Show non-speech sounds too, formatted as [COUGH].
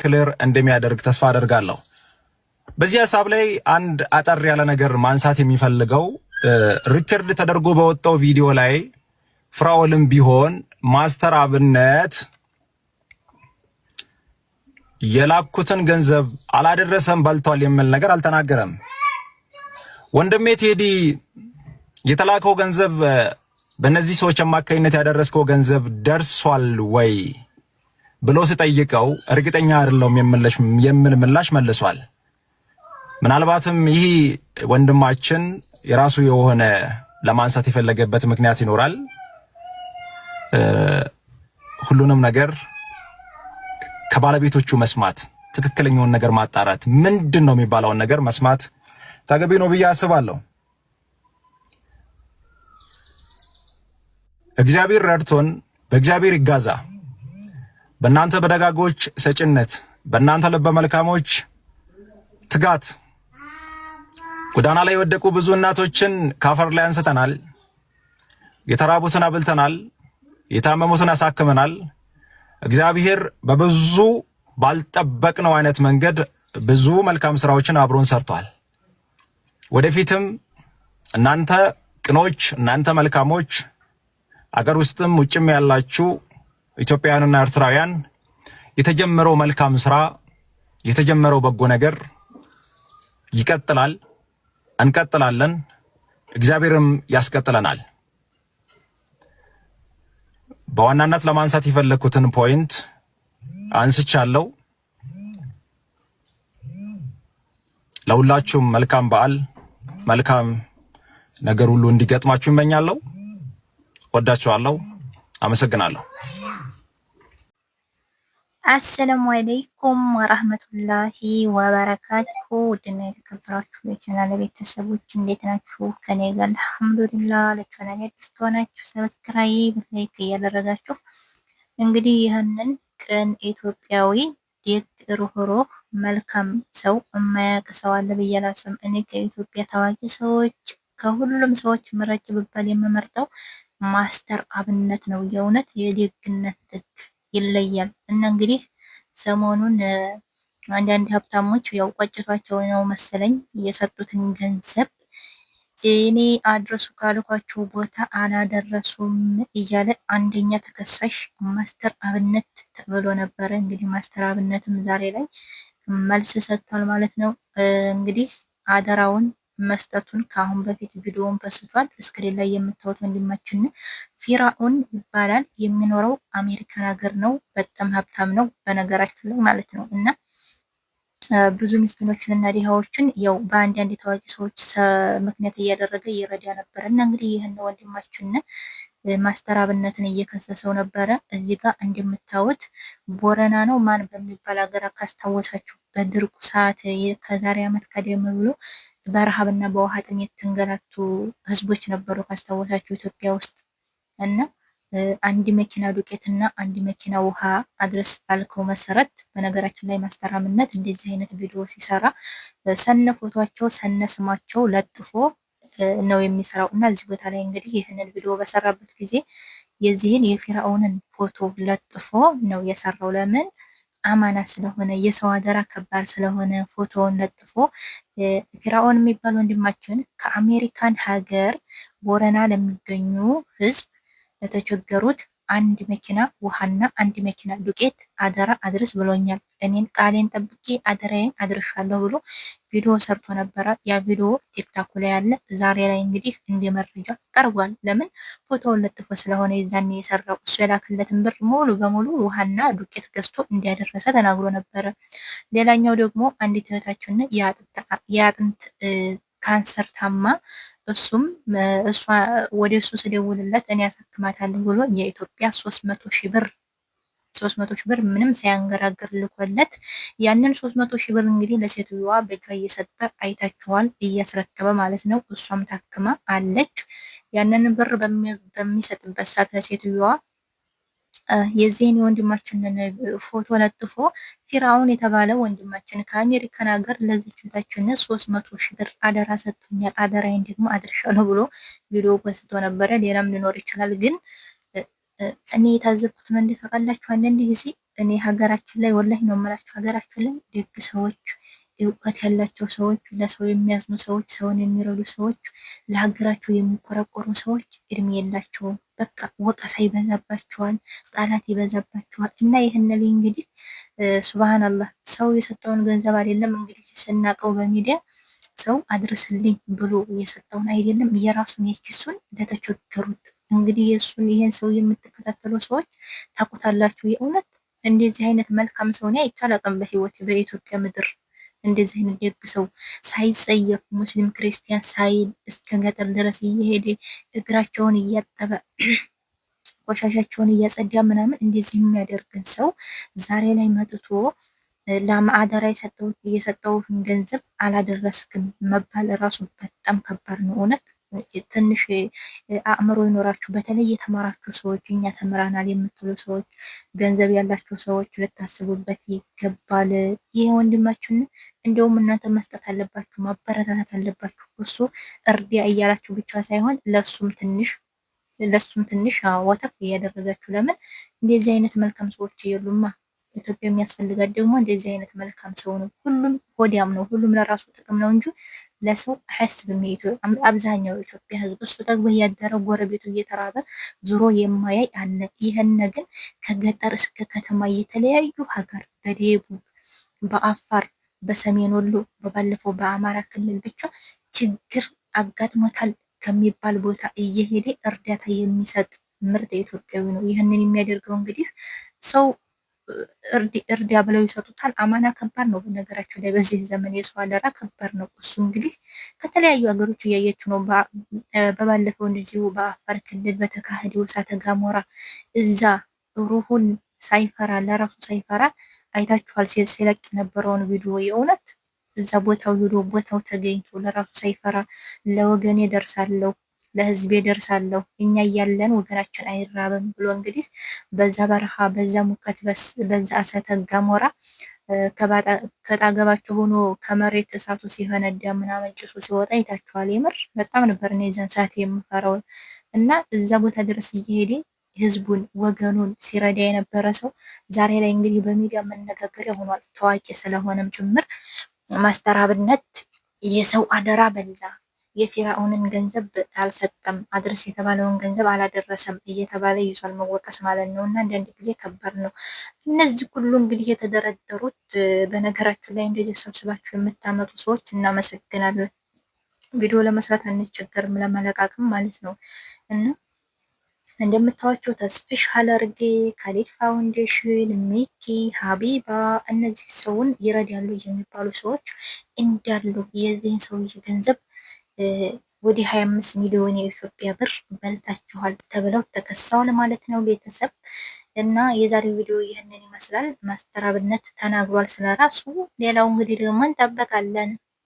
ክልር እንደሚያደርግ ተስፋ አደርጋለሁ። በዚህ ሀሳብ ላይ አንድ አጠር ያለ ነገር ማንሳት የሚፈልገው ሪከርድ ተደርጎ በወጣው ቪዲዮ ላይ ፍራውልም ቢሆን ማስተር አብነት የላኩትን ገንዘብ አላደረሰም በልቷል የሚል ነገር አልተናገረም። ወንድሜ ቴዲ የተላከው ገንዘብ በእነዚህ ሰዎች አማካኝነት ያደረስከው ገንዘብ ደርሷል ወይ? ብሎ ስጠይቀው እርግጠኛ አይደለሁም የሚል ምላሽ መልሷል። ምናልባትም ይህ ወንድማችን የራሱ የሆነ ለማንሳት የፈለገበት ምክንያት ይኖራል። ሁሉንም ነገር ከባለቤቶቹ መስማት፣ ትክክለኛውን ነገር ማጣራት፣ ምንድን ነው የሚባለውን ነገር መስማት ተገቢ ነው ብዬ አስባለሁ። እግዚአብሔር ረድቶን በእግዚአብሔር ይጋዛ በእናንተ በደጋጎች ሰጭነት፣ በእናንተ ልበ መልካሞች ትጋት ጎዳና ላይ የወደቁ ብዙ እናቶችን ከአፈር ላይ አንስተናል። የተራቡትን አብልተናል። የታመሙትን አሳክመናል። እግዚአብሔር በብዙ ባልጠበቅነው አይነት መንገድ ብዙ መልካም ስራዎችን አብሮን ሰርቷል። ወደፊትም እናንተ ቅኖች፣ እናንተ መልካሞች አገር ውስጥም ውጭም ያላችሁ ኢትዮጵያውያንና ኤርትራውያን የተጀመረው መልካም ስራ የተጀመረው በጎ ነገር ይቀጥላል። እንቀጥላለን። እግዚአብሔርም ያስቀጥለናል። በዋናነት ለማንሳት የፈለግኩትን ፖይንት አንስቻለሁ። ለሁላችሁም መልካም በዓል፣ መልካም ነገር ሁሉ እንዲገጥማችሁ ይመኛለሁ። ወዳችኋለሁ። አመሰግናለሁ። አሰላሙ አለይኩም ወራህመቱላሂ ወበረካቱሁ ውድና የተከበራችሁ የቻናል ቤተሰቦች እንዴት ናችሁ? ከኔ ጋር አልሐምዱሊላ። ለቻናል አዲስ ከሆናችሁ ሰብስክራይብ፣ ላይክ እያደረጋችሁ እንግዲህ ይህንን ቅን ኢትዮጵያዊ ደግ፣ ሩህሩህ፣ መልካም ሰው የማያውቅ ሰው አለ ብዬ አላስብም። እኔ ከኢትዮጵያ ታዋቂ ሰዎች ከሁሉም ሰዎች ምረጭ ብባል የምመርጠው ማስተር አብነት ነው። የእውነት የደግነት ጥግ ይለያል። እና እንግዲህ ሰሞኑን አንዳንድ ሀብታሞች ያው ቆጭቷቸው ነው መሰለኝ የሰጡትን ገንዘብ እኔ አድረሱ ካልኳቸው ቦታ አላደረሱም እያለ አንደኛ ተከሳሽ ማስተር አብነት ተብሎ ነበረ። እንግዲህ ማስተር አብነትም ዛሬ ላይ መልስ ሰጥቷል ማለት ነው እንግዲህ አደራውን መስጠቱን ከአሁን በፊት ቪዲዮውን ተስቷል። እስክሪን ላይ የምታዩት ወንድማችን ፊራኦን ይባላል። የሚኖረው አሜሪካን ሀገር ነው። በጣም ሀብታም ነው በነገራችን ላይ ማለት ነው እና ብዙ ምስኪኖችን እና ድሃዎችን ያው በአንድ አንድ ታዋቂ ሰዎች ምክንያት እያደረገ ይረዳ ነበር እና እንግዲህ ይህን ወንድማችን ማስተራብነትን እየከሰሰው ነበረ። እዚህ ጋር እንደምታዩት ቦረና ነው ማን በሚባል ሀገር ካስታወሳችሁ በድርቁ ሰዓት ከዛሬ ዓመት ቀደም ብሎ በረሃብና በውሃ ጥም የተንገላቱ ህዝቦች ነበሩ ካስታወሳችሁ ኢትዮጵያ ውስጥ እና አንድ መኪና ዱቄት እና አንድ መኪና ውሃ አድረስ ባልከው መሰረት፣ በነገራችን ላይ ማስተራብነት እንደዚህ አይነት ቪዲዮ ሲሰራ ሰነ ፎቷቸው ሰነ ስማቸው ለጥፎ ነው የሚሰራው እና እዚህ ቦታ ላይ እንግዲህ ይህንን ቪዲዮ በሰራበት ጊዜ የዚህን የፊራኦንን ፎቶ ለጥፎ ነው የሰራው። ለምን አማና ስለሆነ የሰው አደራ ከባድ ስለሆነ ፎቶውን ለጥፎ ፊራኦን የሚባል ወንድማችን ከአሜሪካን ሀገር ቦረና ለሚገኙ ህዝብ ለተቸገሩት አንድ መኪና ውሃና አንድ መኪና ዱቄት አደራ አድርስ ብሎኛል። እኔን ቃሌን ጠብቄ አደራዬን አድርሻለሁ ብሎ ቪዲዮ ሰርቶ ነበረ። ያ ቪዲዮ ቲክታኩ ላይ ያለ ዛሬ ላይ እንግዲህ እንደ መረጃ ቀርቧል። ለምን ፎቶውን ለጥፎ ስለሆነ የዛኔ የሰራው እሱ የላክለትን ብር ሙሉ በሙሉ ውሃና ዱቄት ገዝቶ እንዲያደረሰ ተናግሮ ነበረ። ሌላኛው ደግሞ አንዲት እህታችንን የአጥንት ካንሰር ታማ እሱም እሷ ወደ እሱ ስደውልለት እኔ ያሳክማታለሁ ብሎ የኢትዮጵያ ሶስት መቶ ሺህ ብር ሶስት መቶ ሺህ ብር ምንም ሳያንገራግር ልኮለት ያንን ሶስት መቶ ሺህ ብር እንግዲህ ለሴትዮዋ በእጇ እየሰጠ አይታችኋል፣ እያስረከበ ማለት ነው። እሷም ታክማ አለች። ያንን ብር በሚሰጥበት ሰዓት ለሴትዮዋ የዚህን የወንድማችንን ፎቶ ለጥፎ ፊራውን የተባለ ወንድማችን ከአሜሪካን ሀገር ለዚች እህታችን ሶስት መቶ ሺህ ብር አደራ ሰጥቶኛል፣ አደራዬን ደግሞ አድርሻለሁ ብሎ ቪዲዮ ገዝቶ ነበረ። ሌላም ሊኖር ይችላል። ግን እኔ የታዘብኩት ምን ታውቃላችሁ? አንዳንድ ጊዜ እኔ ሀገራችን ላይ ወላሂ ነው የምላችሁ፣ ሀገራችን ላይ ደግ ሰዎች እውቀት ያላቸው ሰዎች፣ ለሰው የሚያዝኑ ሰዎች፣ ሰውን የሚረዱ ሰዎች፣ ለሀገራቸው የሚቆረቆሩ ሰዎች እድሜ የላቸውም። በቃ ወቀሳ ይበዛባችኋል፣ ጣላት ይበዛባችኋል። እና ይህን ላይ እንግዲህ ሱብሃንአላህ ሰው የሰጠውን ገንዘብ አይደለም እንግዲህ ስናቀው በሚዲያ ሰው አድርስልኝ ብሎ የሰጠውን አይደለም የራሱን የኪሱን ለተቸገሩት እንግዲህ የእሱን ይህን ሰው የምትከታተሉ ሰዎች ታውቁታላችሁ። የእውነት እንደዚህ አይነት መልካም ሰው እኔ አይቼ አላውቅም በህይወት በኢትዮጵያ ምድር። እንደዚህ አይነት ደግ ሰው ሳይጸየፍ ሙስሊም ክርስቲያን ሳይል እስከ ገጠር ድረስ እየሄደ እግራቸውን እያጠበ [CLEARS THROAT] ቆሻሻቸውን እያጸዳ ምናምን እንደዚህ የሚያደርግን ሰው ዛሬ ላይ መጥቶ ለማዕደራ የሰጠሁት ገንዘብ አላደረስክም መባል ራሱ በጣም ከባድ ነው እውነት። ትንሽ አእምሮ ይኖራችሁ በተለይ የተማራችሁ ሰዎች እኛ ተምረናል የምትሉ ሰዎች ገንዘብ ያላችሁ ሰዎች ልታስቡበት ይገባል። ይህ ወንድማችን እንዲሁም እናንተ መስጠት አለባችሁ፣ ማበረታታት አለባችሁ። እሱ እርዲያ እያላችሁ ብቻ ሳይሆን ለሱም ትንሽ ለሱም ትንሽ ወተፍ እያደረጋችሁ ለምን እንደዚህ አይነት መልካም ሰዎች የሉማ። ኢትዮጵያ የሚያስፈልጋት ደግሞ እንደዚህ አይነት መልካም ሰው ነው። ሁሉም ሆዲያም ነው። ሁሉም ለራሱ ጥቅም ነው እንጂ ለሰው አያስብም። አብዛኛው የኢትዮጵያ ሕዝብ እሱ ጠግቦ እያደረ ጎረቤቱ እየተራበ ዙሮ የማያይ አለ። ይህን ግን ከገጠር እስከ ከተማ የተለያዩ ሀገር በደቡብ፣ በአፋር፣ በሰሜን ወሎ፣ በባለፈው በአማራ ክልል ብቻ ችግር አጋጥሞታል ከሚባል ቦታ እየሄደ እርዳታ የሚሰጥ ምርጥ ኢትዮጵያዊ ነው። ይህንን የሚያደርገው እንግዲህ ሰው እርዳ ብለው ይሰጡታል። አማና ከባድ ነው። በነገራችሁ ላይ በዚህ ዘመን የሰው አደራ ከባድ ነው። እሱ እንግዲህ ከተለያዩ ሀገሮች እያየችው ነው። በባለፈው እንደዚሁ በአፋር ክልል በተካሄደው እሳተ ገሞራ እዛ ሩሁን ሳይፈራ ለራሱ ሳይፈራ አይታችኋል። ሲለቅ የነበረውን ቪዲዮ የእውነት እዛ ቦታው ሂዶ ቦታው ተገኝቶ ለራሱ ሳይፈራ ለወገኔ ደርሳለሁ ለህዝቤ ደርሳለሁ እኛ እያለን ወገናችን አይራብም ብሎ እንግዲህ በዛ በረሃ በዛ ሙቀት በዛ እሳተ ገሞራ ከጣገባቸው ሆኖ ከመሬት እሳቱ ሲፈነዳ ምናምን ጭሱ ሲወጣ ይታችኋል። የምር በጣም ነበር እኔ ዘን ሰዓት የምፈራው እና እዛ ቦታ ድረስ እየሄደ ህዝቡን ወገኑን ሲረዳ የነበረ ሰው ዛሬ ላይ እንግዲህ በሚዲያ መነጋገሪያ ሆኗል። ታዋቂ ስለሆነም ጭምር ማስተራብነት የሰው አደራ በላ የፊራኦንን ገንዘብ አልሰጠም፣ አድርስ የተባለውን ገንዘብ አላደረሰም እየተባለ ይዟል መወቀስ ማለት ነው። እና አንዳንድ ጊዜ ከባድ ነው። እነዚህ ሁሉ እንግዲህ የተደረደሩት በነገራችሁ ላይ እንደዚህ ሰብስባችሁ የምታመጡ ሰዎች እናመሰግናለን። ቪዲዮ ለመስራት አንቸገርም፣ ለመለቃቅም ማለት ነው እና እንደምታዋቸው ተስፍሽ ሀለርጌ፣ ካሊድ ፋውንዴሽን፣ ሚኪ ሀቢባ እነዚህ ሰውን ይረዳሉ የሚባሉ ሰዎች እንዳሉ የዚህን ሰውዬ ገንዘብ ወደ 25 ሚሊዮን የኢትዮጵያ ብር በልታችኋል ተብለው ተከሰዋል ማለት ነው ቤተሰብ። እና የዛሬው ቪዲዮ ይህንን ይመስላል። ማስተር አብነት ተናግሯል ስለራሱ። ሌላው እንግዲህ ደግሞ እንጠበቃለን።